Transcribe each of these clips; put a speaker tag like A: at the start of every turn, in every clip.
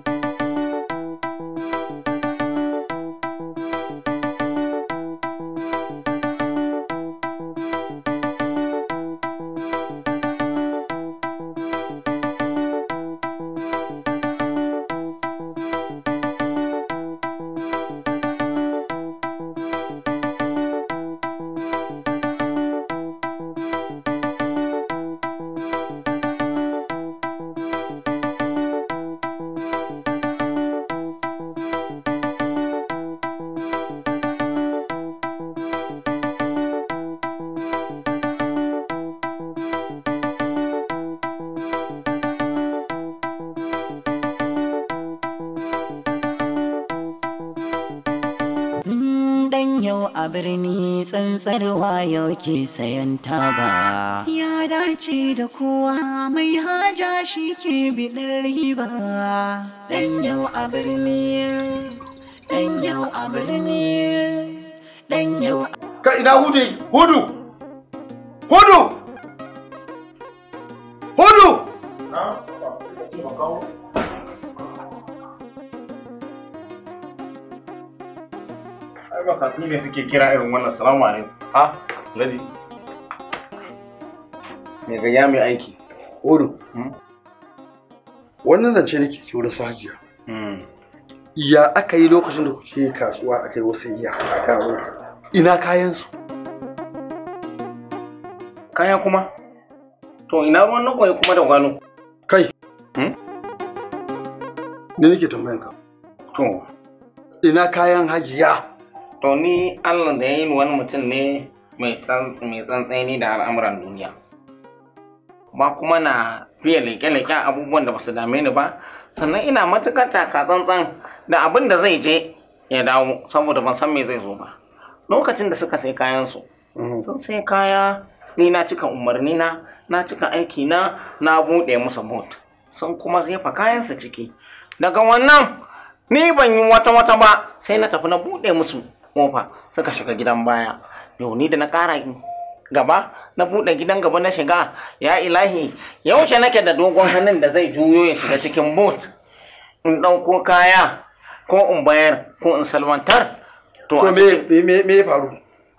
A: Thank you. birni tsantsar yau ke sayan taba. Ya dace da kowa mai haja shi ke bidar riba. Ɗan yau a birni, ɗan yau a birni,
B: ɗan yau a... Ka ina hudu, hudu, hudu!
C: matasa ne suke kira irin wannan salamu alaikum ha
D: ladi me ga ya mai aiki Odo, hmm? wannan zance nake ke wurin sahajiya hmm. ya
B: aka yi lokacin da kuke kasuwa aka yi wasu iya a kawo
D: ina kayan su kaya kuma
C: to ina ruwan
B: nan kuma da gwano
D: kai hmm? ne nake tambayanka. to
C: ina kayan hajiya To ni Allah da ya yi wani mutum ne mai tsantsani da al'amuran duniya. Ba kuma na fiye leƙe-leƙe abubuwan da ba su dame ni ba, sannan ina matuƙar taka tsantsan da abin da zai je ya dawo saboda ban san me zai zo ba. Lokacin da suka sai kayansu, mm-hmm. sun sai kaya ni na cika umarni na, na cika aiki na, na buɗe musu bot. Sun kuma jefa kayansu ciki. Daga wannan ni ban yi wata-wata ba sai na tafi na buɗe musu kofa suka shiga gidan baya Yauni da na kara gaba na buɗe gidan gaba na shiga ya ilahi yaushe nake da dogon hannun da zai juyo ya shiga cikin boot in ɗauko kaya ko in bayar ko in salwantar to me ya faru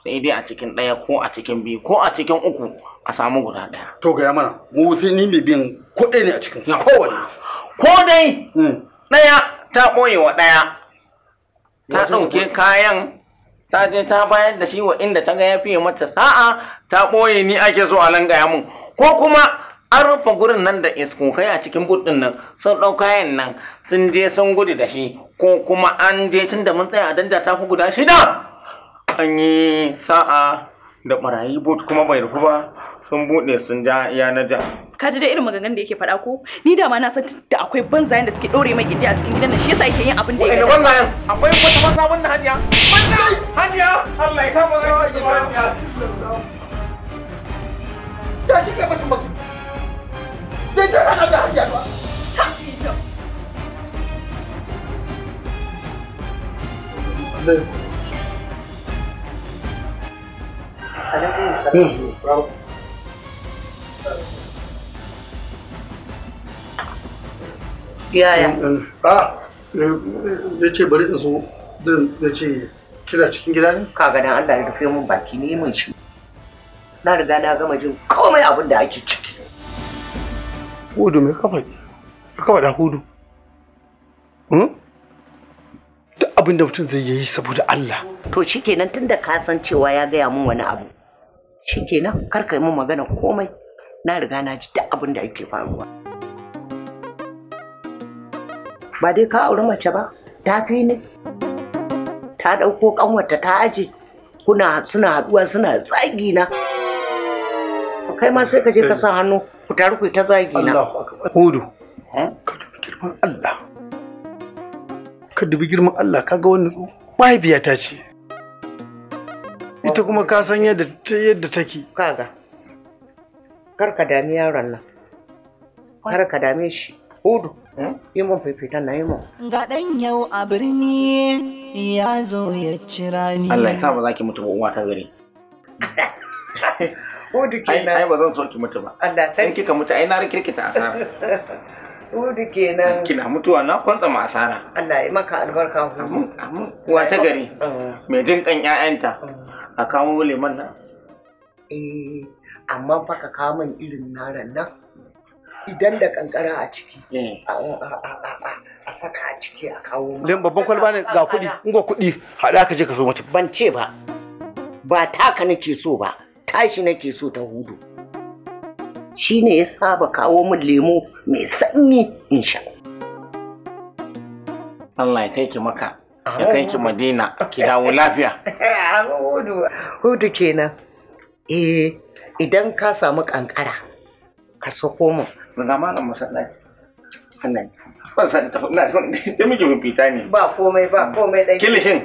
C: sai dai a cikin ɗaya ko a cikin biyu ko a cikin uku a samu guda ɗaya to ga mana
E: mu sai ni mai bin
C: ko ne a cikin kowane ko dai hmm. ɗaya ta ɓoye wa ɗaya ta ɗauke kayan ta je ta bayar da shi wa inda ta ga ya fiye mata sa'a ta ɓoye ni ake so a gaya mun ko kuma an rufe gurin nan da iskokai a cikin buɗin nan sun ɗau kayan nan sun je sun gudu da shi ko kuma an je tun da mun tsaya a danja ta fi guda shida an yi sa'a da ɓarayi but kuma bai rufu ba sun buɗe sun ja iya na ja
F: ka ji da irin maganganun da yake faɗa ko ni da ma na san da akwai banzayen da suke ɗore mai gindi a cikin gidan nan shi yasa yake yin abin da yake banzayen
B: akwai wata banza wannan hanya banza hanya Allah ya mu ga hanya ya ji kike mutum baki dai dai ana da hanya ba
D: Thank
E: you. Hmm.
G: yaya eh, eh, a ah, eh, ya ce bari in zo din da ce kira cikin gida ne kaga dan Allah ya rufe mun baki ne mun shi na riga na gama jin komai abin da ake ciki
D: hudu mai kafa ka kafa da hudu hmm? duk abin da mutum zai yi saboda Allah
G: to shikenan tunda ka san cewa ya gaya mun wani abu shikenan kar ka yi mun magana komai na riga na ji duk abin da yake faruwa ba dai ka auri mace ba ta fi ne ta ɗauko ƙanwata ta aje kuna suna haɗuwa suna tsagi na kai ma sai ka je ka sa hannu ku taru ku ta zagi na
B: hudu eh? ka dubi girman Allah ka dubi girman Allah kaga wannan mahaifiyata ce ita kuma ka san yadda
G: yadda take kaga kar ka dami yaron nan kar ka dame shi hudu hmm? yi mun fifita na yi mun
A: ga dan yau a birni ya zo ya cira ni Allah ya sa
C: ba za ki mutu ba uwa ta gari hudu kenan ai ba zan so ki mutu ba Allah sai kika mutu ai na rikirkita asara
G: Hudu kenan. Kina
C: mutuwa na kwanta ma asara. Allah ya maka albarka ku. uwa Wa ta gari. Ah. Mai jin kan ƴaƴanta. Ah. A kawo liman nan. Eh. amma fa ka kawo min irin naran nan idan
G: da kankara a ciki eh. a saka a ciki a kawo min babban kwalba ne ga kuɗi in ga kuɗi haɗa ka je ka so mata ban ce ba ba taka nake so ba tashi nake so ta hudu shine ne ya saba kawo min lemo mai sanyi in sha
C: Allah ya kai ki maka ya kai ki madina ki dawo lafiya hudu
G: hudu kenan eh idan ka samu kankara ka sako mu na malam
C: masallaci sannan ban san ta na son da miji mu fita ne ba komai ba komai dai kilishin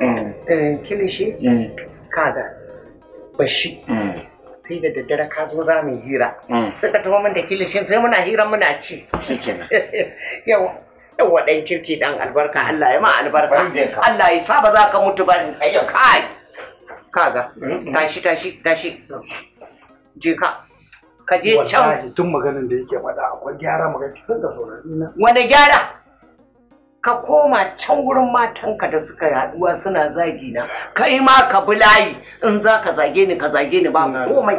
G: eh, eh kilishi eh.
C: kaga
H: bashi eh.
G: sai da daddare ka zo za mu hira sai ka tafi min da kilishin sai muna hira muna ci shikenan yawa yawa dan kirki dan albarka Allah ya ma albarka Allah ya sa ba za ka mutu ba kai kaga mm, mm. tashi tashi tashi je ka ka je can
I: tun maganin da yake
H: faɗa akwai gyara maka tun da saurari
G: wani gyara ka koma can wurin matanka da suka haduwa suna zagi na kai ma ka bi layi in za ka zage ni ka zage ni ba komai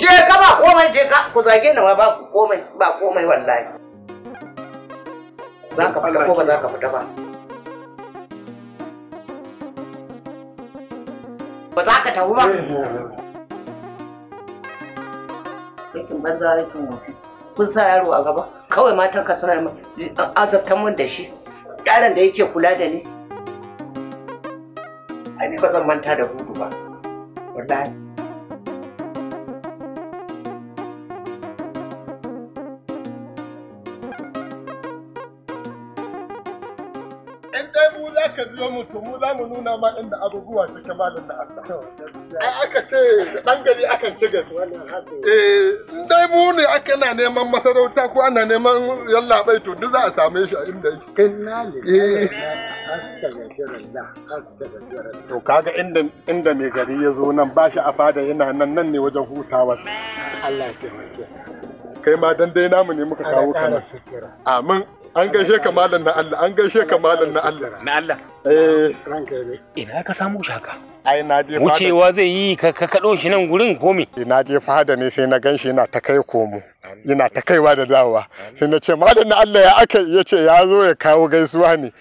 G: je ka ba komai je ka ku zage ni ba komai ba komai wallahi za ka fita ko ba za ka fita ba ba za ka tafi ba aikin banza aikin wasu kun sa yaro a gaba kawai matan ka suna azabtan mun da shi yaron da yake kula da ni ai ba zan manta da hudu ba
F: wallahi
E: aka biyo mu to mu za mu nuna ma inda abubuwa suke malam da Allah. Ai aka ce dan gari akan ci gari. Eh dai mu ne aka na neman masarauta ko ana neman yalla bai to duk za a same shi a inda yake. Inna
D: lillahi
E: To kaga inda inda mai gari ya zo nan ba shi a fada yana nan nan ne wajen hutawar. Allah ya taimake. Kai ma dan dai namu ne muka kawo kana. Amin. An gaishe ka malam na Allah, an gaishe ka malam na Allah. Na Allah. Eh, ranka ne. Ina ka samu shaka? Ai na je fada. Wucewa zai yi ka kado shi nan gurin ko me? Eh, na je fada ne sai na ganshi yana ta kai komo. Yana ta kaiwa da dawowa. Sai na ce malam na Allah ya aka ya ce ya zo ya kawo gaisuwa ne.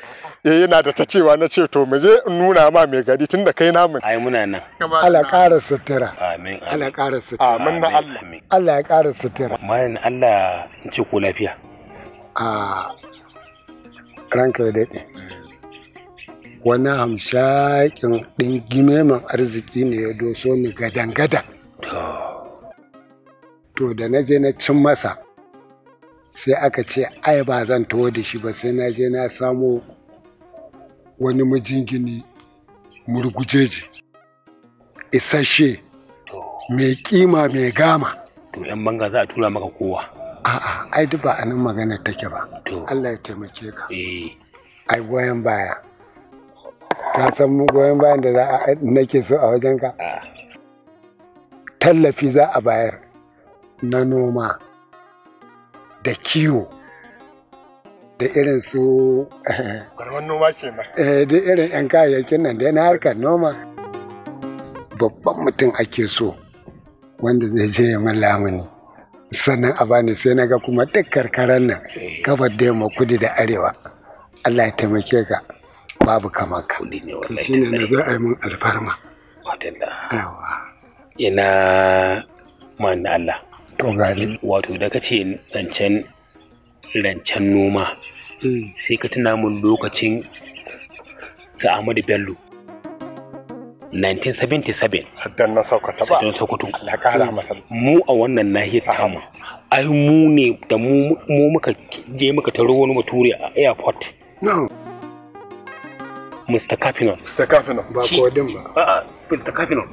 E: Eh yana da ta cewa na ce to mu je in nuna ma mai gari tunda kai namun. Ai muna nan.
D: Allah ƙara sutura. Amin. Allah ƙara sutura. Amin na Allah. Allah ya ƙara sutura. Malam Allah in ce ko lafiya. Ah, ranka da daɗe wani hamshakin ɗin man arziki ne ya doso ni gadan-gadan to da na je na cin masa sai aka ce ai ba zan tawo da shi ba sai na je na samo wani mijingini murgujeji isasshe mai kima mai gama
H: to yan banga za a tura maka
D: kowa A'a, ai duk ba a nan magana take ba. Allah ya taimake ka. Eh. Ai goyon baya. Ka san mu goyon bayan da za a nake so a wajen ka. Ah. Tallafi za a bayar na noma da kiwo da irin su.
E: noma ke ba. Eh,
D: da irin 'yan kayayyakin nan da na harkar noma. Babban mutum ake so wanda zai je ya mallamuni. sannan a bani sai na ga kuma duk karkarar nan gabar da yamma kudu da arewa Allah ya taimake ka babu kamar ka shi ne na za a yi min alfarma
H: ina ma'ana Allah to gani wato da ka ce zancen rancen noma hmm. sai ka tuna mun lokacin sa Ahmadu Bello 1977 saddan na saukata ba saddan sokoto mu a wannan nahiyar tamu ai mu ne da mu muka je muka taro wani bature a airport Mr. Kafinon.
E: Mr. Kafinon ba ko din ba. A'a, Mr. Kafinon.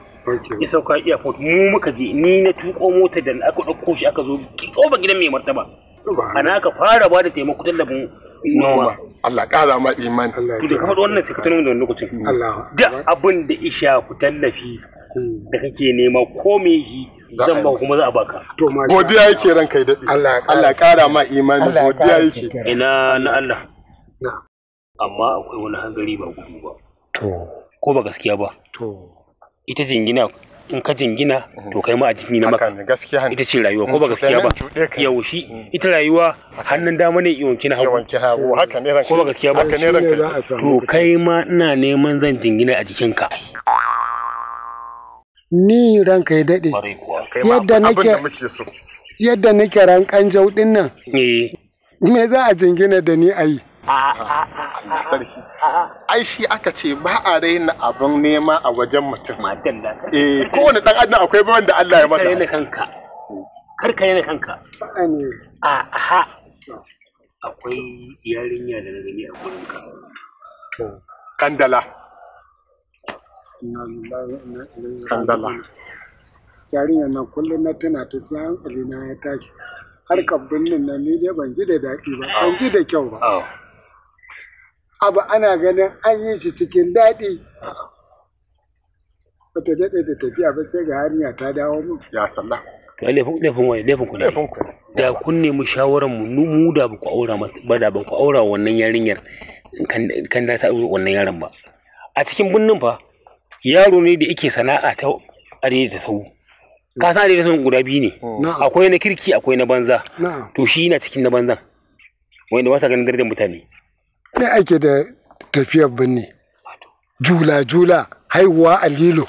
H: Ya sauka airport mu muka je ni na tuko mota da aka dauko shi aka zo ki tsoba gidan mai martaba. ana ka fara ba da taimako tallafin noma Allah ƙara ma
E: imani to da kafa wannan sai ka tuno
H: da lokacin Allah da abin da isha ku tallafi da kake nema ko me yi zan ba kuma za a baka godiya yake
E: ran kai da Allah Allah ƙara ma imani godiya yake ina na
H: Allah amma akwai wani hangari ba gudu ba to ko ba gaskiya ba to ita jingina in ka jingina to kai ma a jingina maka ita ce rayuwa ko ba gaskiya ba yau shi mm. ita rayuwa hannun dama ne iwanki na hagu ko ba gaskiya ba to kai ma ina neman zan jingina a jikinka
D: ni ranka ya daɗe yadda nake yadda nake rankan jau ɗin nan eh. me za a jingina da ni a yi
E: ai shi aka ce ba a raina abin nema a wajen mutum matan da eh kowane dan adam akwai ban da Allah ya masa kai ne kanka kar ka yana kanka a ha akwai yarinya da na gani a gurin ka kandala kandala
D: yarinya na kullum na tana ta sai hankali na ya tashi harkar birnin nan ni dai ban ji da daɗi ba ban ji da kyau ba oh. abu ana ganin an yi shi cikin daɗi wata daɗe da tafiya ba sai ga hanya ta dawo mu ya salla.
H: to laifin laifin wani laifin ku laifin ku da kun nemi shawaran mu mu da ba ku aura ba da ba ku aura wannan yarinyar kan da ta aure wannan yaron ba a cikin binnin fa yaro ne da yake sana'a ta arewa da sau ka san arewa sun guda biyu ne akwai na kirki akwai na banza to shi yana cikin na banzan wanda ba sa ganin darajar mutane
D: ne ake da
E: tafiyar birni jula jula haihuwa alilo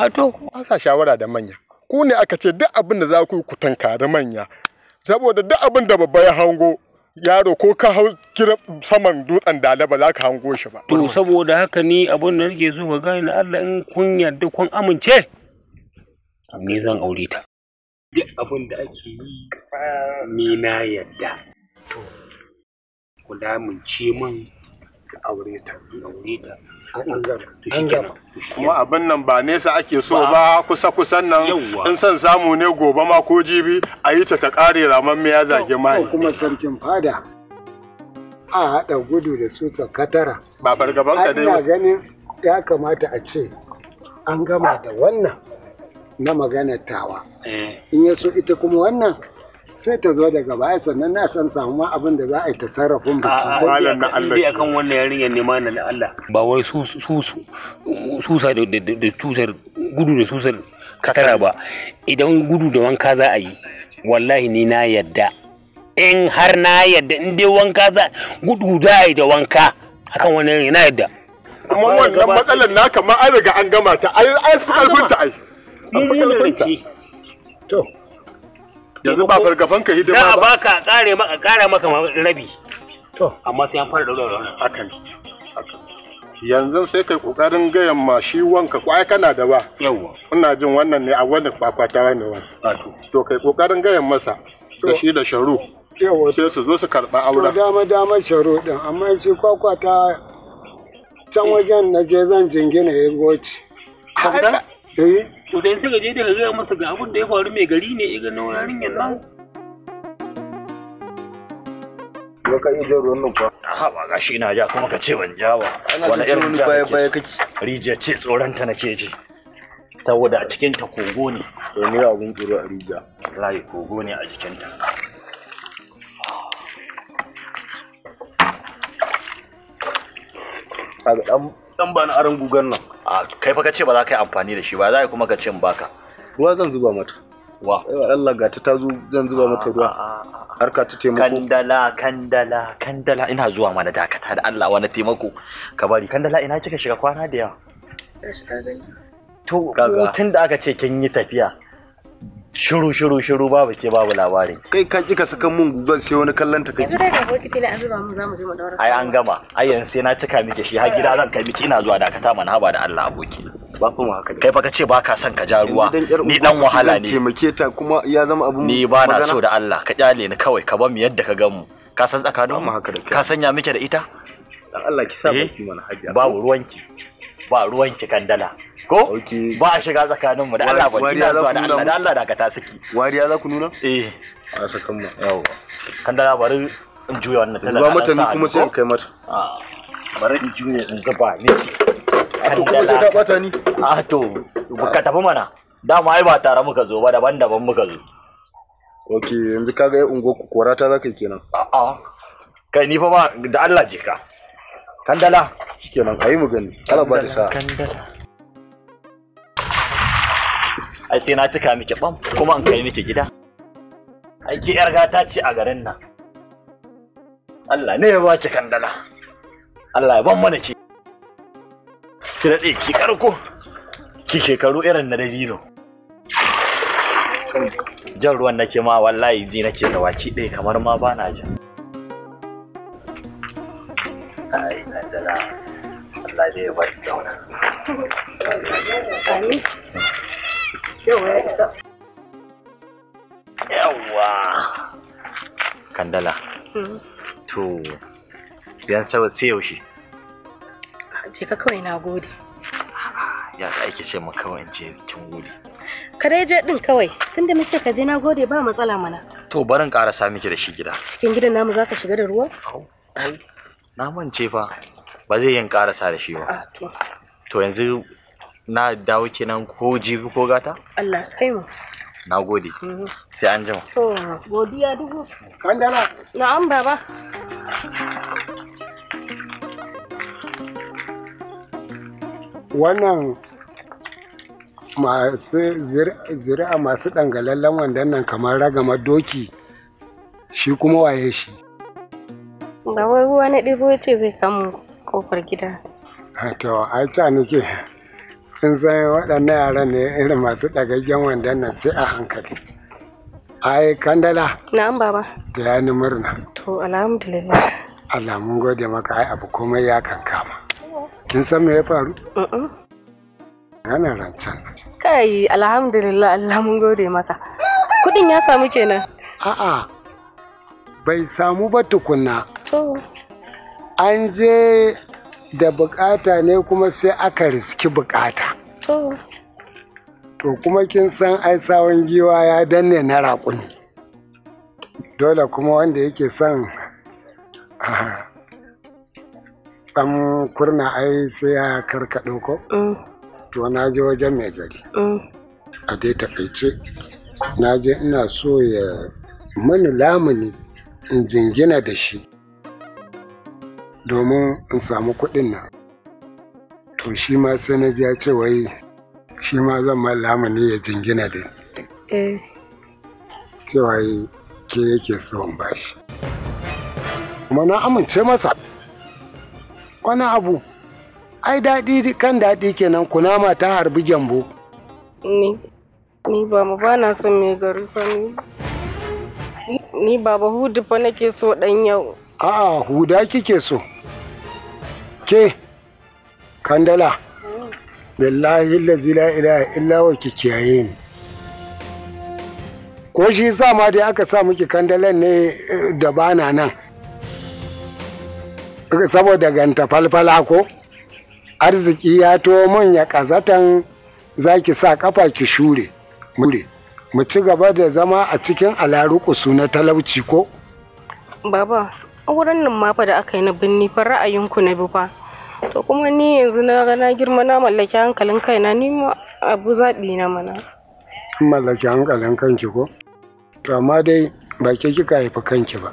E: wato sa shawara da manya ku ne aka ce duk abin da za ku yi ku tankari manya saboda duk abin da babba ya hango yaro ko ka hau kira saman dutsen dala ba za ka hango shi ba to
H: saboda haka ni abin da nake so ga gani Allah in kun yarda kun amince ni zan aure ta
E: duk abin da ake yi ni na
H: yarda to
E: mun lamince min ka aure ta aure ta an gama kuma abin nan ba nesa ake so ba kusa kusan nan in son samu ne gobe ma ko jibi a yi ta ta kare raman ya zage mai kuma sarkin fada
D: a haɗa gudu da su katara
E: ba fargaban ka dai ina
D: ganin ya kamata a ce an gama da wannan na magana tawa eh. in ya so ita kuma wannan sai ta zo daga baya sannan na san samu ma abin da za a yi ta sarrafin a halin na Allah bi akan
H: wannan yarinyar ne ma na Allah ba wai su su su da da tusar gudu da susar katara ba idan gudu da wanka za a yi wallahi ni na yadda in har na yadda in dai wanka za gudu za a yi da wanka akan wannan na yadda
E: kuma wannan matsalar naka ma an riga an gama ta ai ai su ai mun mun to yanzu ba fargaban ka hidima ba. Za a
H: baka kare maka kare maka rabi. To amma sai an fara da wannan. akan
E: Yanzu sai kai kokarin gayan ma shi wanka ko ai kana da ba. yawa Ina jin wannan ne a wannan kwakwata ne wannan. To kai kokarin gayan masa da shi da sharu. yawa Sai su zo su karɓa auren. Dama dama sharu din amma shi kwakwata
D: can wajen na je zan jingina ya goce. Eh?
H: to da sai ka daga gaya masa ga abin da ya faru mai gari ne iga na yarinyar nan
I: ka iya ruwan ba gashi ja kuma ka ce ban ja ba wani irin ja baya baya kake ce tsoron ta nake ji saboda a cikin ta kogo ne to ne abun tsoro a kogo ne a jikin ta dan dan ba na aran gugan nan a kai fa kace ba za ka yi amfani da shi ba za ka kuma ka ce in baka
D: ruwa zan zuba mata wa Allah ga ta zo zan zuba mata ruwa
I: harka ta taimako kandala kandala kandala ina zuwa mana dakata da Allah wani taimako ka bari kandala ina kika shiga kwana da yawa to tun da aka ce kin yi tafiya shiru shiru shiru babu ke babu labarin kai ka kika ka saka mun gugan sai wani kallon ta kaji da
F: boki fili an zuba mun zamu je mu daura ai
I: an gama ai yanzu sai na cika miki shi har gida zan kai miki ina zuwa dakata mana haba da Allah aboki ba kuma haka kai fa ka ce baka son ka ja ruwa ni dan wahala ne
D: taimake ta kuma ya zama abun ni ba na so da
I: Allah ka kyale ni kawai ka bar mu yadda ka gan mu ka san tsakanin mu ka sanya miki da ita dan Allah ki sa eh? baki mana hajiya babu ruwanki ba ruwanki kandala ko ba a shiga tsakanin mu da Allah ba kina zuwa da Allah da Allah da ka ta saki wariya za ku nuna eh a sakan mu yawa kan da labarin in juya wannan talaka zuwa mata ni kuma sai in kai mata ah, bari in juya in zuba ni a to kuma sai ka bata ni a to ka ah. tafi mana dama ai ba tare muka zo ba daban-daban muka zo
D: ok yanzu kaga ya ungo
E: ku kora ta zaka kenan
I: a kai ni fa ba da Allah jika
E: kandala shikenan ayi mu gani Allah ba ta sa
I: kandala ai sai na cika miki bam kuma an kai miki gida ai ki yar gata ce a garin nan Allah ne ya ba ki kandala Allah ya ban mana ki ki daɗe ki karko ki shekaru irin na dalilo jan ruwan nake ma wallahi ji nake da waki ɗaya kamar ma ba na jan
A: ai kandala
I: Allah ne ya ba ki zauna Yawwa. Kandala. Hmm. To, siyan sai yaushe.
F: Je ka kawai na gode.
I: Ya ta ake ce maka kawai je kin gode.
F: Ka dai je din kawai, tunda mace ka je na gode ba matsala mana.
I: To barin sa miki da shi gida.
F: Cikin gidan namu zaka shiga da ruwa?
I: Na mance fa. Ba zai yin ƙara sa da shi ba. Ah, to yanzu na dawo kenan ko jibi ko gata?
F: Allah kai mu.
I: Na gode. Mhm. Sai an jima.
F: To, godiya dubu. Kandala. Na'am baba.
D: Wannan masu zira masu ɗangalallen wandan nan kamar ragama doki shi kuma waye shi.
F: Ba wai ruwa na ɗibo ce zai kama kofar gida.
D: To, ai ca nake. sun san waɗannan yaran ne irin masu ɗagaggen wandan nan sai a hankali ai kandala na'am baba da ya ni murna
F: to alhamdulillah
D: Allah mun gode maka ai abu komai ya kankama kin san me ya faru ana rancen
F: kai alhamdulillah Allah mun gode maka kudin ya samu kenan
D: a'a bai samu ba tukunna to an je da bukata ne kuma sai aka riski bukata to kuma kin san ai sawon giwa ya danne na raƙuni dole kuma wanda yake son ɗan kurna ai sai ya karkaɗo ko mm. to na je wajen mai gari mm. a dai takaice na je ina so ya mani lamuni in jingina da shi domin in samu kuɗin nan to shi ma sai na ji ya ce wai shi ma zan mallama ne ya jingina da ni eh. cewa ke yake so in bashi kuma na amince masa wani abu ai daɗi kan daɗi kenan kunama ta harbi gyambo
F: ni ni ba mu ba na son mai gari fa ni ni baba hudu fa nake so ɗan yau
D: a'a huda kike so ke kandala billahi lazi la ilaha illa wa ki kiyaye ni ko shi sa ma dai aka sa miki kandalan ne eh, da bana nan saboda ganta falfala ko arziki ya to mun ya kazatan zaki sa kafa ki shure mure mu ci gaba da zama a cikin alaruku suna talauci ko
F: baba a wurin nan ma fa da aka yi na binni fa ku na bi fa to kuma ni yanzu na ga na girma na mallaki hankalin kaina ni ma abu zaɓi na mana
D: mallaki hankalin kanki ko to amma dai ba ke kika haifi kanki ba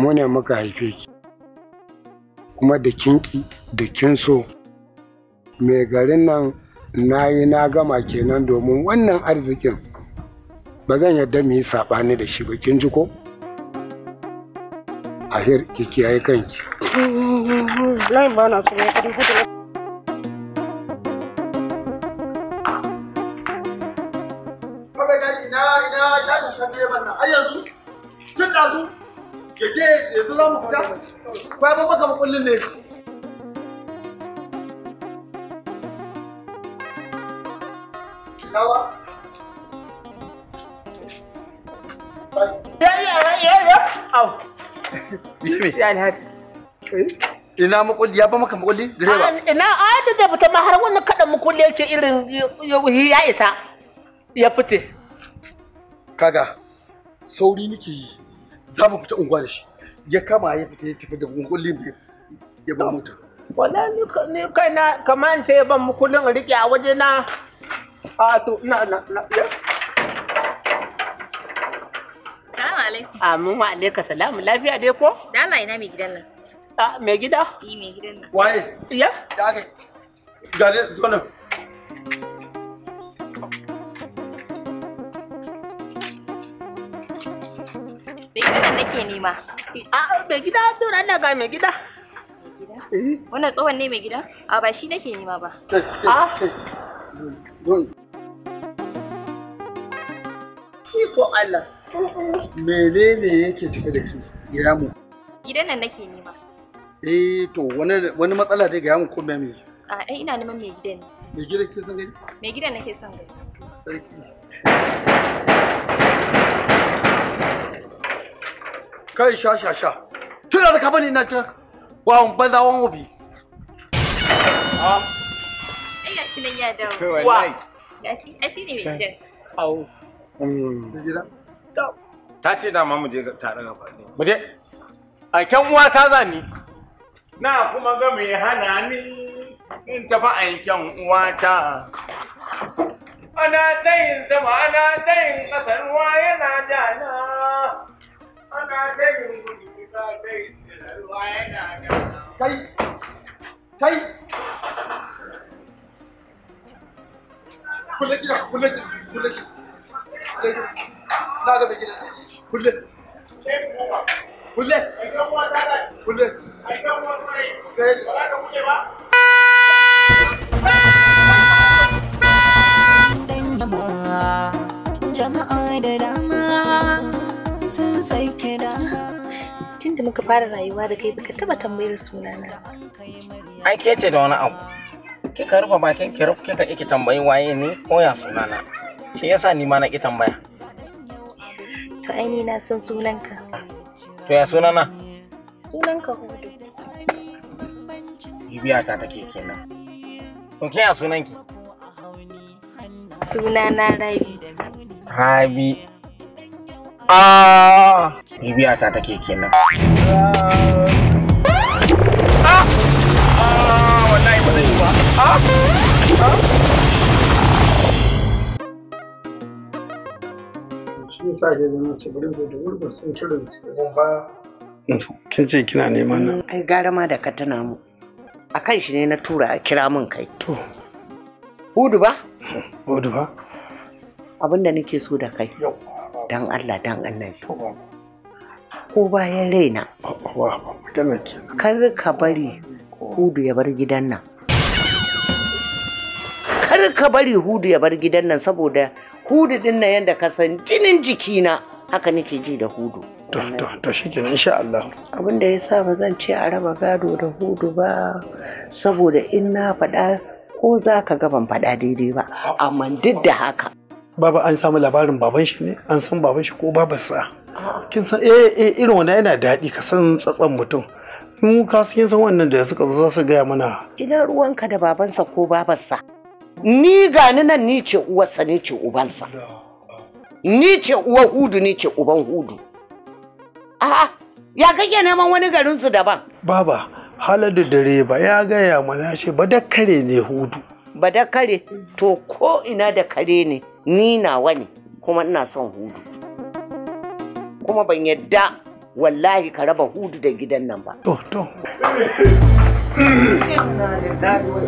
D: mu ne muka haife ki kuma da kinki da kin so mai garin nan na yi na gama kenan domin wannan arzikin ba zan yarda mu yi saɓani da shi ba kin ji ko ahir ki kiyaye kanki
F: lai ba na so ya kudi kudi
B: ina ina shafin shafin yaman nan Ai yanzu tun ɗazu ke ce yanzu za mu fita Kwa ba baka makullin ne Kawa, Yeah, yeah, yeah, yeah. Oh. Ina makulli ya ba maka makulli direba. Ina a da zai fita ma har wannan kaɗan makulli yake irin ya isa ya fite. Kaga sauri nake yi za mu fita unguwa da shi ya kama ya fita ya tafi da makulli ya ba mota. Wala ni kaina kamar ta ban makullin rike a waje na a to na na na alaikum. Amin ah, wa alaika salam lafiya dai ko?
F: Da Allah ina mai gidan nan. Ah
B: mai gida? Eh mai gidan nan. Waye? Iya? Da aka ga dai zo Mai gidan nake nema. A ah, mai gida to Allah ga mai gida.
F: Wannan tsohon ne mai gida? A ah, ba shi nake nema ba. A? ko Allah.
D: menene yake cike da shi gaya mu
F: gidan nan nake nema
D: eh to wani wani matsala dai ga mu ko me
F: a eh ina neman mai gidan mai gidan ke san gani mai gidan nake san gani sarki
B: kai sha sha sha tuna da ka bani na ta
D: wawan banza wawan obi
B: a ah. ina kinan ya dawo
D: kai wallahi
F: gashi a ne mai gidan
D: au mai mm. gidan
C: ta ce dama mu je tare gaba ne mu je a kyan uwa ta zani na kuma ga mai hana ni in tafi a yankin uwa ta ana tayin sama ana tayin ƙasar ruwa yana jana
B: ana tayin gudu ta tayin ruwa yana jana kai kai
E: kula gida kula gida kula gida na Kullum! Kullum! Kullum!
B: Kullum!
A: jama'a da
F: tun da muka fara rayuwa da kai baka taba tambayar sunana
C: ai ke ce da wani abu kika rufe bakin ki rufe kika ki tambayi waye ne ko ya sunana Shi yasa ni ma na ki tambaya.
F: To ai ni na san sunanka.
C: To ya sunana?
F: Sunanka Hudu.
C: Bibiya ta take kenan. To ke ya sunanki?
F: Sunana Rabi.
C: Rabi. Ah! Bibiya ta take kenan. Ah! Ah! Wallahi ba zai yi ba. Ah! Ah!
D: sa ke zama ce da wurga sun cire su ba kin ce kina neman nan
G: ai gara ma da ka tuna mu a kan shi ne na tura a kira min kai
B: to hudu
G: ba hudu ba abin nake so da kai dan Allah dan annabi ko bayan raina kar ka bari hudu ya bar gidan nan kar ka bari hudu ya bar gidan nan saboda hudu din na yadda ka san jinin jikina haka nake ji da hudu to to to kenan insha Allah abin da yasa ba zan ce a raba gado da hudu ba saboda in na faɗa ko za ka ga ban faɗa daidai
B: ba amma duk da haka baba an samu labarin baban shi ne an san baban shi ko baban sa. kin san eh eh irin wannan yana daɗi ka san tsatsan mutum in ka san wannan da
D: suka zo za su gaya mana
B: idan ruwanka da babansa ko babarsa ni
G: gani nan ni ce uwarsa ni ce ubansa ni ce uwar hudu ni ce
B: uban hudu
G: a'a ya kake neman wani garin su daban
B: baba halar da dare ba ya gaya mana shi ba da kare ne hudu
G: ba da kare to ko ina da kare ne ni nawa ne kuma ina son hudu kuma ban yadda wallahi ka raba hudu da gidan nan ba to to inna lillahi wa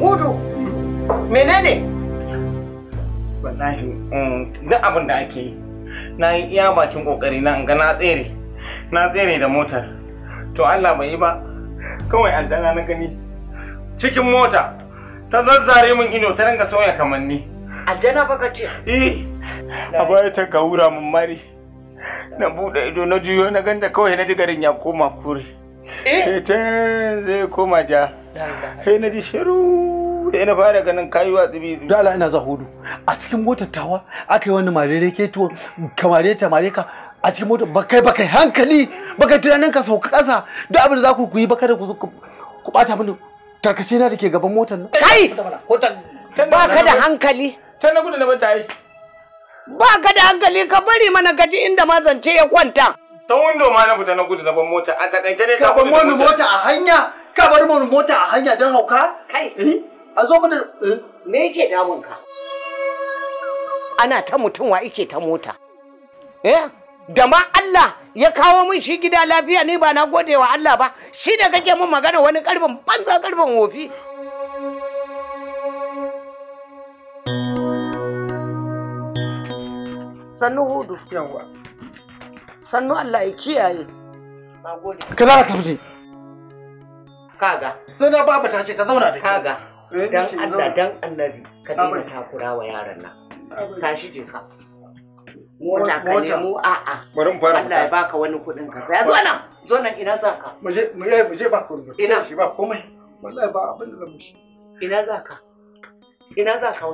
C: Hudu, menene? Wallahi, um, duk abin da ake yi, na yi iya bakin ƙoƙari na ga na tsere, na tsere da motar. To Allah bai yi ba, kawai aljana na gani cikin mota ta zazzare min ido ta ringa sauya kamanni. Aljana baka ce? Eh, a baya ta gaura mun mari. Na buɗe ido na juyo na ganda kawai na ji garin ya koma kure. Eh. zai koma ja.
E: da
B: A cikin motar tawa aka yi wani marere kamare ta ka a cikin motar ba hankali tunanin ka sauka ƙasa duk abin da za ku yi da ku ku bata mini da ke gaban motar Kai!
C: Ba ka da hankali. ka bari mana gaji inda mazance ya kwanta. ta windo ma na fita na gudu na ban mota a takaice ne ta gudu ka bar mota
G: a hanya ka bar mun mota a hanya don hauka kai eh? a zo mana eh? me yake damun ka ana ta mutum wa yake ta mota eh da ma Allah ya kawo min shi gida lafiya ne ba na gode wa Allah ba shi da kake mun magana wani karfin banza karfin wofi
B: sannu hudu yawa sannu Allah ya kiyaye
D: ka za ka tafi
B: kaga sai na baba ta ce ka zauna da kaga eh,
G: dan Allah dan annabi ka takura wa yaran nan tashi je ka mota ka nemo a'a bari mu fara Allah ya baka wani kuɗin ka sai zo nan zo nan ina za ka mu je mu je mu je ba ina shi ba komai wallahi ba abin da zamu ina za ka ina za ka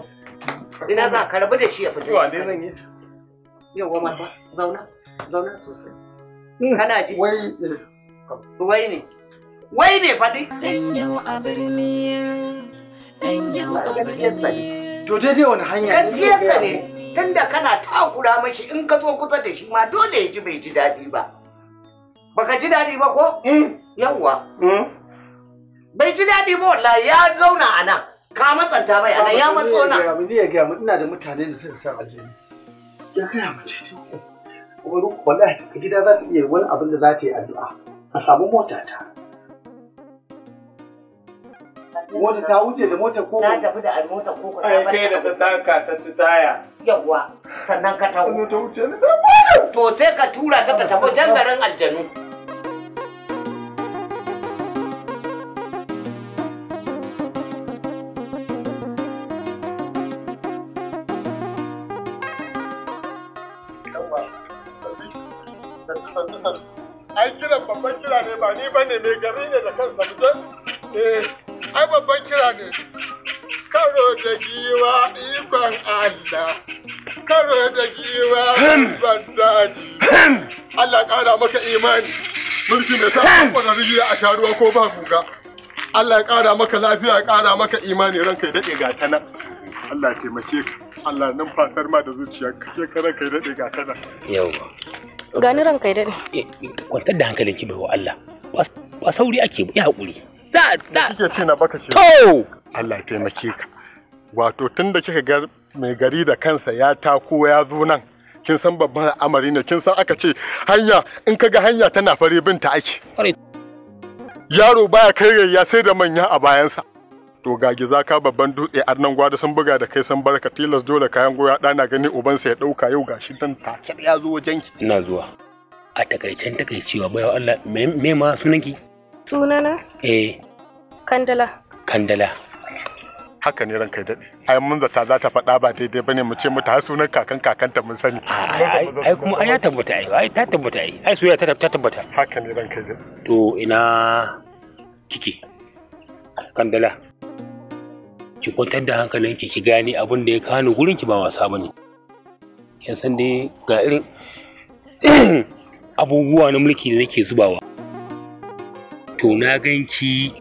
G: ina za ka rabu da shi ya fita yawa dai zan yi yawa ma zauna Zauna sosai. Hmm, kana ji? Wai eh, Wai ne. Wai ne faɗi.
A: Ɗan a birni.
G: a birni.
B: To wani hanya
G: ne? Gaskiyarsa ne. Tunda kana takura mashi in ka zo kusa da shi ma dole ya ji bai ji daɗi ba. Baka ji daɗi ba ko? Hmm. Yawwa. Hmm. Bai ji daɗi ba wallahi ya zauna a nan. Ka matsanta mai a nan ya matsona.
B: Ina da mutane da suka san aljini. Ya gaya ce. kuma wallahi gida za ta iya wani abin da za ta yi addu'a
I: a samu mota ta
B: mota ta wuce da
I: mota
G: koko? na tafi da mota ka kai da ta ta ci taya yawa sannan ka ta wuce ne to sai ka tura ta ta tafi jangarin aljanu
E: kira ne ba ni bane mai gari ne da kansa mutum eh ai babban kira ne karo da giwa ikon Allah karo da giwa daji Allah kara maka imani mulki mai sa kwararriya a Sharuwa ruwa ko ba guga Allah ya kara maka lafiya ya kara maka imani ranka ya dade ga ta nan Allah ya taimake ka Allah numfasar ma da zuciyarka ke kai dade ga ta nan
H: yawa gani ranka ya dade eh, kwantar da hankalin ki wa Allah
E: ba sauri ake ba ya hakuri da da kike ce na baka ce to Allah ya taimake ka wato tunda kika ga mai gari da kansa ya tako ya zo nan kin san babban amari ne kin san aka ce hanya in kaga hanya tana fare binta ake yaro baya kai ya sai da manya a bayansa to gagi za ka babban dutse a nan gwada sun buga da kai sun barka tilas dole kayan goya ɗana gani ubansa ya ɗauka yau gashi dan take ya
H: zo wajen ki ina zuwa a takaicen takaicewa bai Allah me ma sunanki
F: sunana eh kandala
H: kandala
E: haka ne ranka daɗe ai mun zata za ta faɗa ba daidai bane mu ce mata har sunan kakan kakanta mun sani
H: ai kuma ai ya tabbata ai ai ta tabbata ai ai soyayya ta tabbata haka ne ranka daɗe to ina kike kandala ki kwantar da hankalinki ki gane abin da ya kani gurin ki ba wasa bane kin san dai ga irin abubuwa na mulki da nake zubawa to na ganki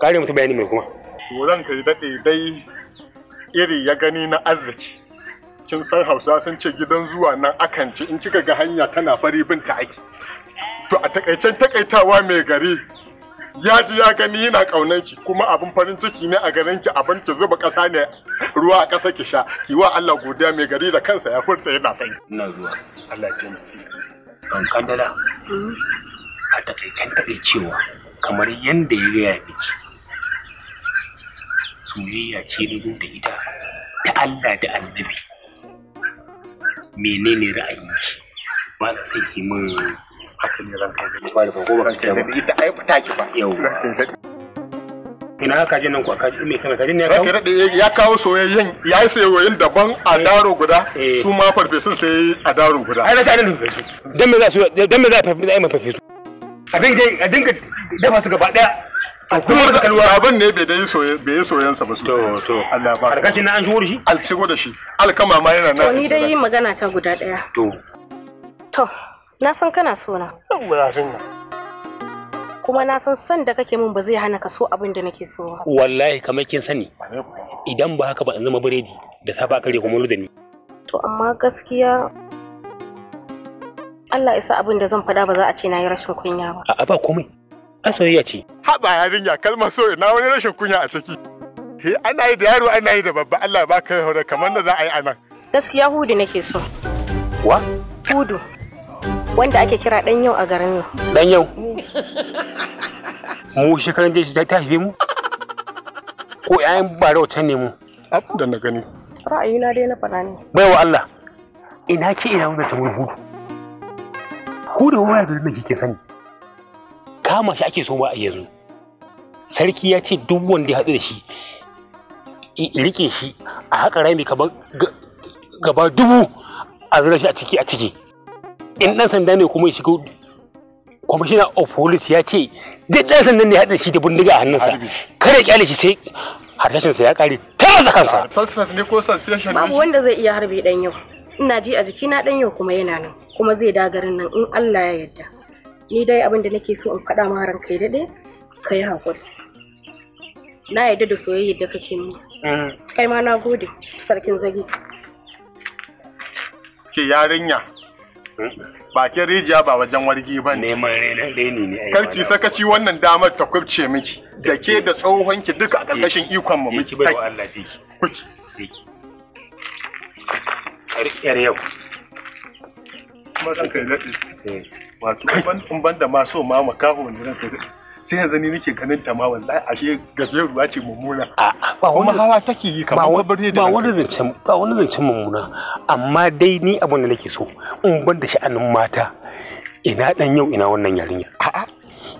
H: kare mutu bayani mai kuma
E: to zan ka dade dai iri ya gani na arziki kin san hausa sun ce gidan zuwa nan akan ci in kika ga hanya tana fari bin ta ake to a takaicen takaitawa mai gari ya ji ya gani yana kaunan ki kuma abin farin ciki ne a garin ki abin ki zuba kasa ne ruwa a kasa ki sha ki wa Allah godiya mai gari da kansa ya furta yana sai ina zuwa Allah ya kan
H: kandala a takaicen take cewa kamar yadda ya gaya miki soyayya ce dubu da ita ta Allah da annabi menene ra'ayin shi ba sai ki mun ita ai fita nan kwa kajin mai kajin ne ya
E: kawo ya kawo soyayyen ya yi soyayyen daban a eh. daro guda eh. su ma farfesun sai a daro guda ai na ta nan dan me za su dan me za farfesu ai a dinga a dinga dafa su gaba daya kuma da kalwa abin ne bai dai soye bai yi soyayen sa ba su to to Allah ba karkashin na an da shi al shigo da shi alkama ma yana nan to ni dai
F: magana ta guda daya to to na san kana so na kuma na san san da kake min ba zai hana ka so abin da nake so ba
H: wallahi kamar kin sani idan ba haka ba in zama biredi da safa aka rike kuma da ni
F: to amma gaskiya Allah isa abin da zan faɗa ba za a ce na yi rashin kunya
E: ba a'a ba komai a soyayya ce haɓa yarinya kalmar so na wani rashin kunya a ciki he ana yi da yaro ana yi da babba Allah ba ka haura kamar da za a yi anan
F: gaskiya hudu nake so wa hudu wanda ake kira dan yau a garin nan dan yau
H: mu shekaran jeji ta haife mu ko ƴaƴan bara wata ne mu da na gani
F: ra'ayina dai na fara ne
H: baiwa Allah ina ki ina ta mun hudu Hudu wa da nake ke sani kama shi ake so ba a yanzu sarki ya ce duk wanda ya haɗu da shi rike shi a haƙa rami gaba dubu a zura shi a ciki a ciki in ɗan sanda ne kuma ya shigo kwamishina of police ya ce duk ɗan sanda ne haɗa shi da bindiga a hannunsa kada kyale shi sai harsashinsa ya
E: kare ta da kansa suspense ne ko suspension
F: babu wanda zai iya harbe dan yau ina ji a jikina dan yau kuma yana nan kuma zai da garin nan in Allah ya yarda ni dai abin da nake so in faɗa ma ran kai daɗe ka yi na yarda da soyayyar da kake mu mm. kai ma na gode sarkin zagi
E: ke yarinya bakin rijiya ba wajen wargi ba ne neman reni ne karki sakaci wannan damar ta kubce miki da ke da tsohon ki duka a ƙarƙashin ikon mu miki bai Allah ƙarƙiyar yau eh. wato maso ma makaho sai yanzu ni nake ganin ta ma wallahi ashe ruwa ce mummuna ba kuma
H: hawa take yi kamar ba bare da ba wani zance ba wani zance mummuna amma dai ni abin da nake so in ban da sha'anin mata ina dan yau ina wannan yarinya a'a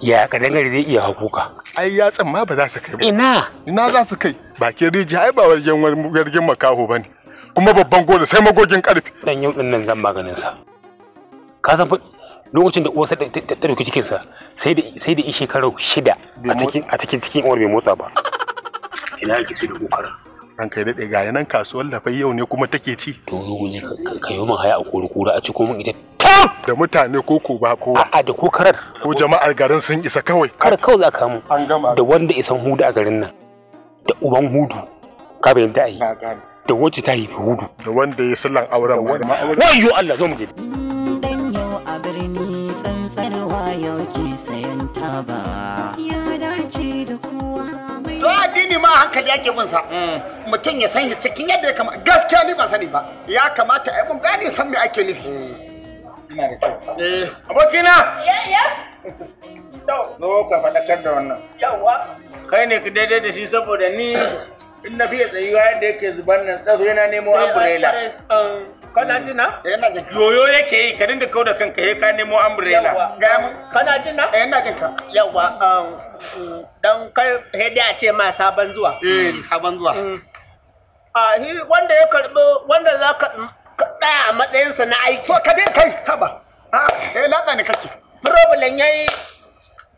E: ya kadangare zai iya hakuka ai yatsan ma ba za su kai ba ina ina za su kai bakin rijiya ai ba wajen wargin makaho bane kuma babban gole sai magogin karfi dan yau din nan
H: zan maganin sa ka san lokacin da uwarsa ta dauki cikinsa sai da sai da shekaru shida a cikin a cikin cikin uwar bai motsa ba ina yake sai da kokara
E: an kai daɗe ga nan kasuwar lafai yau ne kuma take ci to zo ne ka yi min haya a kurkura a cikin min ita tap da mutane ko ko ba ko a da kokarar ko jama'ar garin
H: sun isa kawai kar kawai za ka mu an gama da wanda isan hudu a garin nan da uban hudu ka bayyanta da yi da wacce ta yi hudu da wanda ya sallan auren wayo
A: Allah zo mu gidi. birni tsantsar wayo ke sayan taba ya dace da kowa
B: mai to addini ma hankali yake bin sa hmm. mutum ya san shi cikin yadda ya kamata gaskiya ni ban sani ba ya kamata ai mun gane san me ake nufi hmm. ina da kyau eh abokina ya
C: to no ka fadakar da wannan yawa kai ne ka daidai da shi saboda ni in na fiye tsayuwa yadda yake zuban nan tsaro yana nemo eh, umbrella eh, eh, kana jina yana jin yoyo yake yi ka dinga da kanka ya ka nemo umbrella
B: ga mu kana jina yana jin ka yawa um, mm, dan kai hede a ce ma sabon zuwa eh sabon zuwa mm. a hi wanda ya karbi wanda za ka ɗaya a matsayinsa na aiki ko ka dai kai haba ah, eh latsa ne kake problem yayi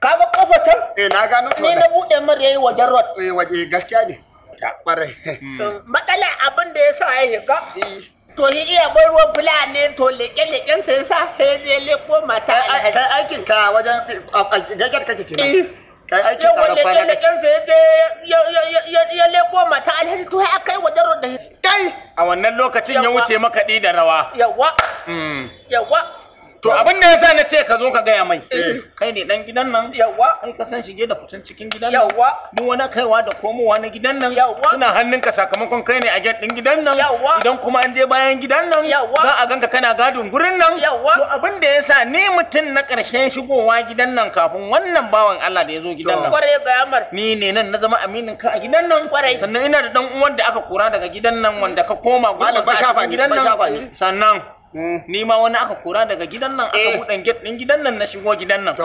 B: kaga kofatar eh na gano ni na bude mar yayi wajen rot eh waje gaskiya ne ta mm. matsala abin da ya sa ya shiga mm. to shi iya bar ruwan fulani to leƙe-leƙen sai sa sai zai leƙo mata kai aikin ka wajen gajar kake kenan eh. kai aikin leƙen sai ya leƙo mata alhaji to ya kai kai
C: a wannan lokacin ya wuce makaɗi da rawa
B: Yawwa. Mm.
C: To abin da yasa na ce ka zo ka gaya mai. Eh. Kai ne dan gidan nan yawa in ka san shige da fitan cikin gidan nan. Yawa. Mu wani kaiwa da komowa na gidan nan. Yawa. Suna hannunka sakamakon kai ne a gate din gidan nan. Yawa. Idan kuma an je bayan gidan nan. Yawa. Za a ganka kana gadon gurin nan. Yawa. To abin da yasa ni mutum na ƙarshen shigowa gidan nan kafin wannan bawan Allah da ya zo gidan nan. Kware ga yamar. Ni ne nan na zama aminin ka a
B: gidan nan. Kware. Sannan ina da
C: dan uwan da aka kura daga gidan nan wanda ka koma gurin ba a gidan nan. Sannan Hmm. ni ma wani aka kora daga gidan nan aka eh. buɗe gate ɗin gidan nan na shigo gidan nan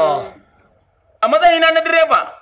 C: a matsayina na direba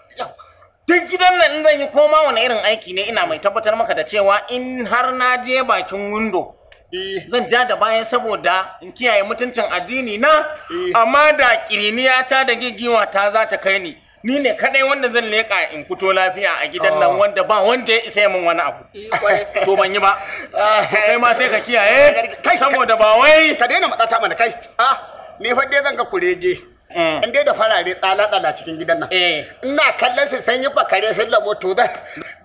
C: duk gidan nan in zan yi koma wani irin aiki ne ina mai tabbatar maka da cewa in har na je bakin windo eh. zan ja da bayan saboda in kiyaye mutuncin addini na eh. amma da kiriniya ta da gigiwa ta za ta kai ni ni ne kadai wanda zan leka in fito lafiya a gidan nan ah. wanda ba wanda ya isa min wani abu eh, to ban yi
B: ba ah. kai ma sai ka kiyaye kai saboda ba wai ka daina matsata mana kai a ah, ni fa dai zan ga kurege mm. in dai da farare tsala tsala cikin gidan nan eh. ina kallon su yi fakare sun lamo to zan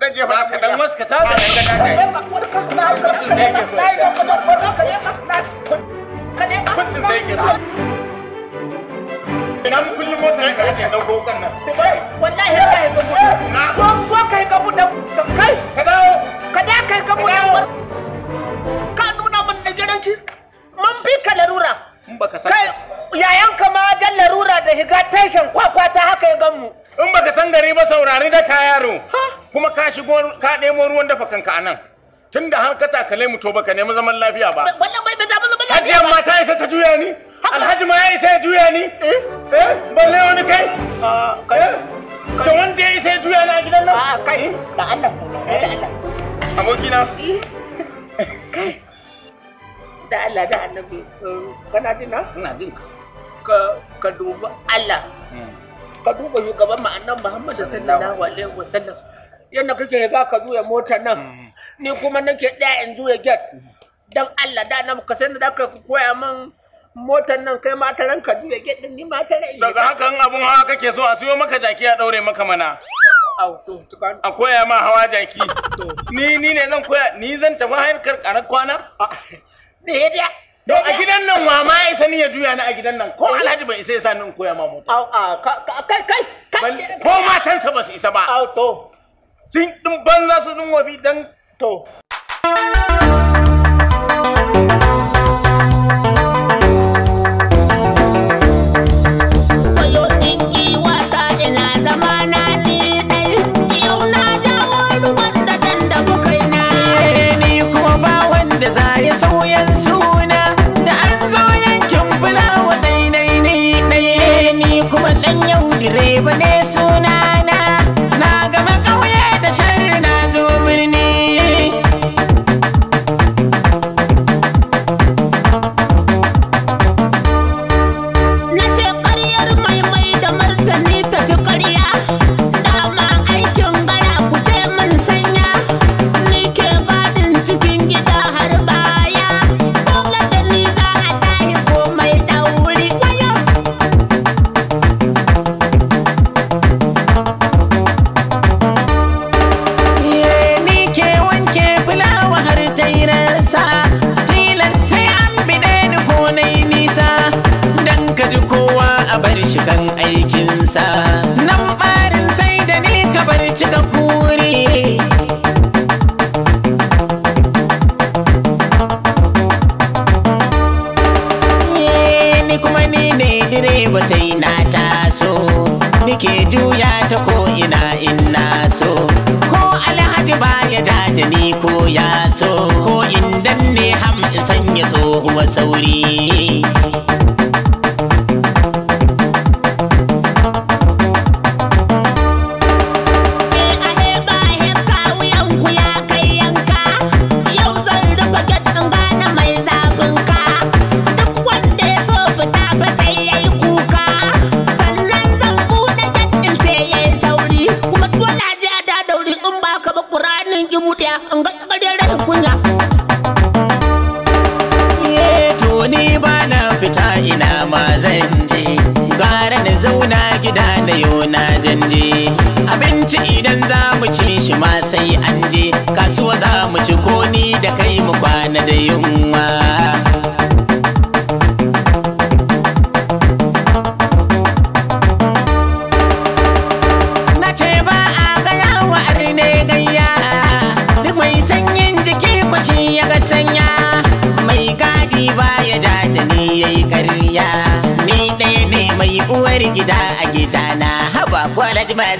B: zan je fara kadan wasu ka ta da ga Ina ka buɗe. Ko kai ka buɗe kai. Ka dawo. Ka da kai ka buɗe. Ka nuna min da gidanci. Mun bi ma larura da higa haka ya gan mu. In baka san ba saurari da ta yaro. Kuma ka ruwan
C: dafa to baka nemi zaman lafiya ba. Wannan bai
B: da zaman lafiya. Hajiyar
C: mata ya ta juya ni. Alhaji ma ya isa ya juya ni. Eh? eh balle wani kai ah, kai da eh, wanda ya sai juya na gidan nan a ah, kai da Allah da Allah eh,
B: abokina eh, kai da Allah da annabi kana jin na ina jin ka ka duba
F: Allah
D: hmm.
B: ka duba shugaban mu annabi Muhammad sallallahu alaihi wasallam yadda kake ga ka juya mota nan hmm. ni kuma nake daya in juya get hmm. dan Allah da annabi ka san da ka koya min motar nan kai mata ran ka juya gate din ni mata ta rai daga hakan abun hawa
A: kake so a
C: siyo maka jaki a daure maka mana a koya ma hawa jaki ni ni ne zan koya ni zan tafi harkar karar kwana
B: daidai To a gidan nan wa ma
C: isa ni ya juya ni a gidan nan ko eh. Alhaji bai isa ya ni in koya ma mota.
B: Au kai kai
C: kai ko matansa ba su isa ba. Au to. Sun din banza su dun wabi dan to.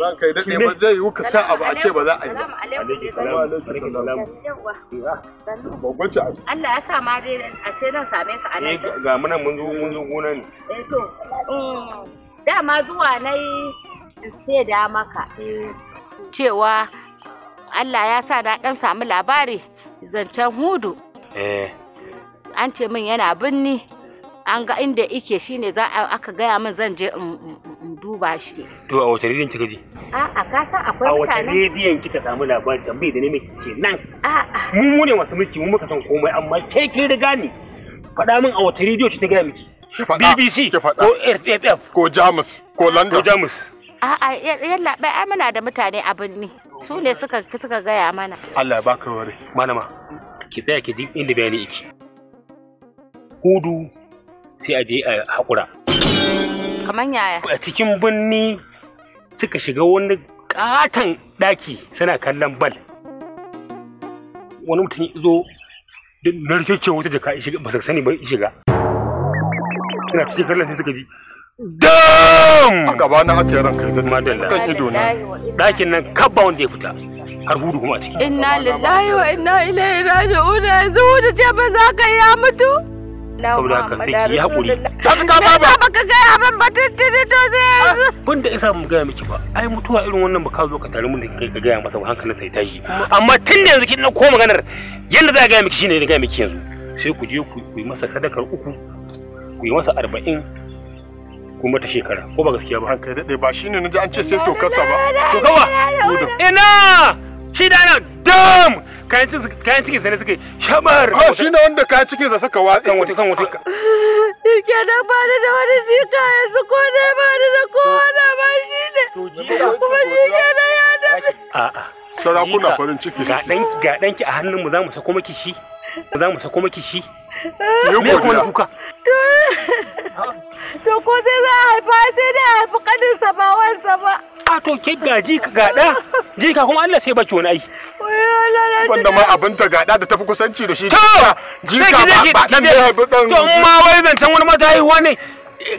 E: ran kai daɗe ba zai yiwu
H: ka sa abu a ce ba za a yi
F: Allah ya sa ma dai a ce nan same ka a nan eh, ga munan mun
H: zo mun zo gona ne
F: eh, to mm, dama zuwa nai sai da maka eh, cewa Allah ya sa na dan samu labari zancen hudu an ce min yana binni an ga inda ike shine za aka gaya min zan je in duba shi.
H: To a wace rediyon kika ji?
F: a ka san akwai mutane. A wace rediyon
H: kika samu labarin tambayi da ne miki A a. Mu ne masu mulki mu muka san komai amma ke kin riga ni. Faɗa min a wace rediyo ta gaya miki. BBC ko RTF ko Jamus ko London. Ko Jamus.
F: a yalla bai ai muna da mutane abin ne. Su ne suka suka gaya mana.
H: Allah baka wari malama. Ki tsaya ki ji inda bayani yake. Hudu sai a je a haƙura. kaman yaya? A cikin birni suka shiga wani
F: katon
H: daki suna kallon bal. Wani mutum ya zo narkeke wata jaka shiga ba sani ba shiga. Suna cikin kallon sai suka ji. Dam! A gaba na ake ran kai da madalla. Kan ido na. dakin nan kabba wanda ya fita. Har hudu kuma a ciki.
F: Inna lillahi wa inna ilaihi raji'un yanzu wuta ce ba za ka ya mutu. saboda haka sai ki yi hakuri don ka ba ka gaya min ba tuntuni to sai ah, yanzu
H: bin da isa mu gaya miki ba ai mutuwa irin wannan ba ka zo ka tare mun da kai ka gaya masa ba hankalin sai tashi amma tun da yanzu na ko maganar yadda za a gaya miki shine na gaya miki yanzu sai ku je ku yi masa sadakar uku ku yi masa arba'in ku mata shekara ko ba gaskiya ba hankali daɗe ba shine na ji an ce sai to kasa ba to kawa ina shi da dam kayan cikin sa ne suke shamar oh ah, shi ne wanda kayan cikin sa suka watsa kan wuta kan wuta ke
F: da ba da da wani jika yanzu ko ne ba da da kowa da ba shi ne kuma shi ke da ya da
H: a'a sarakuna farin ciki ga danki a hannun mu za mu sako miki shi za mu sako miki shi Me kuma kuka?
F: To ko sai za a haifa sai dai a haifi ba ba. A to ke ga jika gaɗa ɗa
H: jika kuma Allah sai baci wani ai. Wanda ma abin ta gaɗa da tafi kusanci da shi. To jika ba ɗan da ya haifi ɗan. To ma wai zancen wani mata haihuwa ne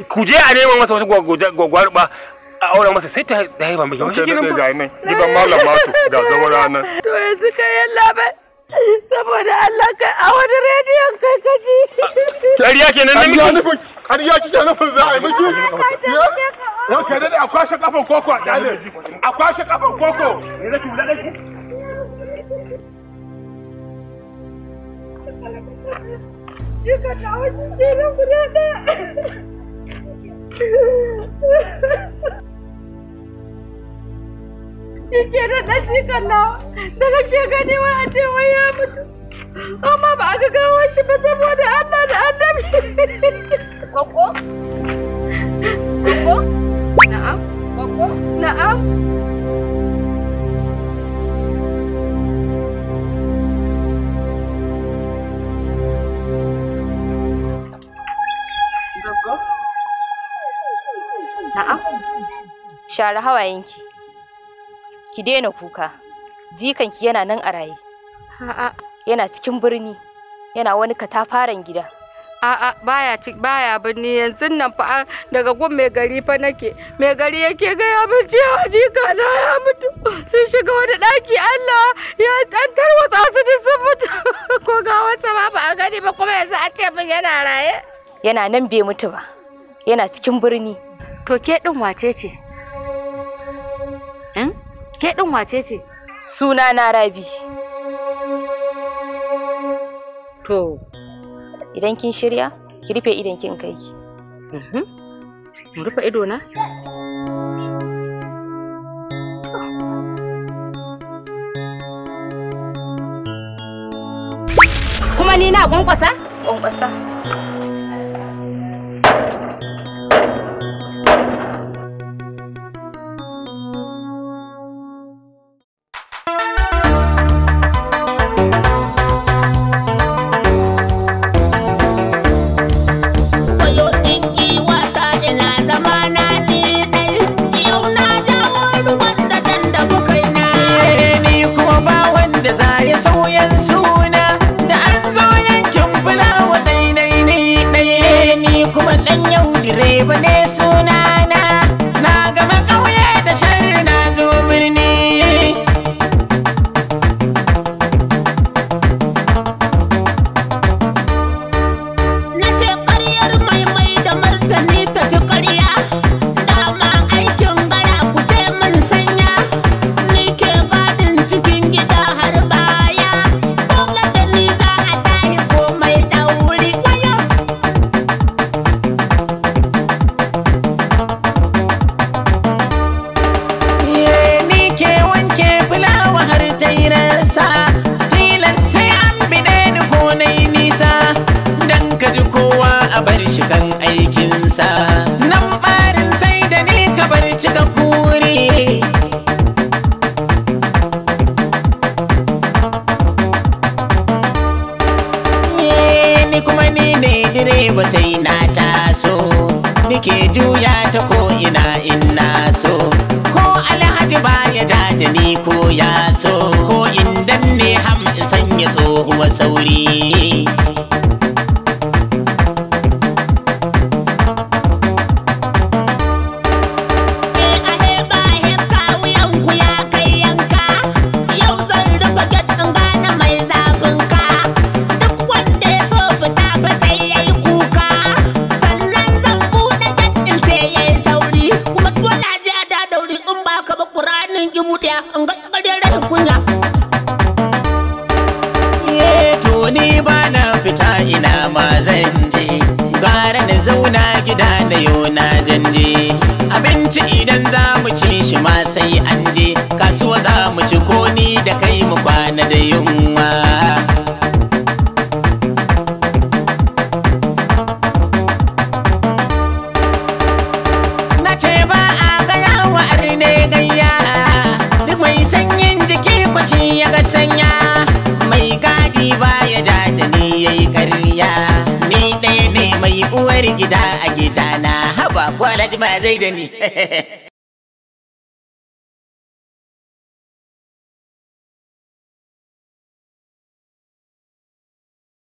H: ku je a neman masa wata gwagwarba a auren masa sai ta haifa mai yawan shi ba. Ni ban malam
F: ga zama nan. To yanzu kai yalla bai. Saboda Allah kai a wani
E: rediyon kai kaji. Ƙarya kenan namiji. Ƙarya kike nufin za a yi miki. Yau ke dade a kwashe kafan koko a dale. A kwashe kafan koko. Ne nake
F: wula dake. Kika tawo shi kenan guda ɗaya. shikenan dan jikan nawa da nake gani wai a ce wai ya mutu amma ba a ga gawar shi ba saboda Allah da annabi koko koko na'am koko na'am Na'am. Share hawayenki. ki daina kuka jikanki yana nan a raye a'a yana cikin birni yana wani katafaren gida a'a baya ci baya birni yanzu nan fa daga gun mai gari fa nake mai gari yake gaya min cewa jika na ya mutu sun shiga wani daki Allah ya an tarwatsa su ji sun mutu ko ga wata ba ba a gani ba kuma yanzu a ce min yana raye yana nan bai mutu ba yana cikin birni to ke din wace ce Ke ɗin wace ce? Suna na Rabi. To, idan kin shirya, ki rufe idan kin kai ki. Mhm. Mu rufe ido na? Kuma ni na kwankwasa? Kwankwasa.
A: ba sai na taso nike juya ta ko ina in na so ko alhaji ba ya ja da ni ko ya so ko in danne ham in sanya tsohuwa sauri je abinci idan za mu ci shi ma sai an je kasuwa za mu ci koni 买这一点，你嘿嘿嘿。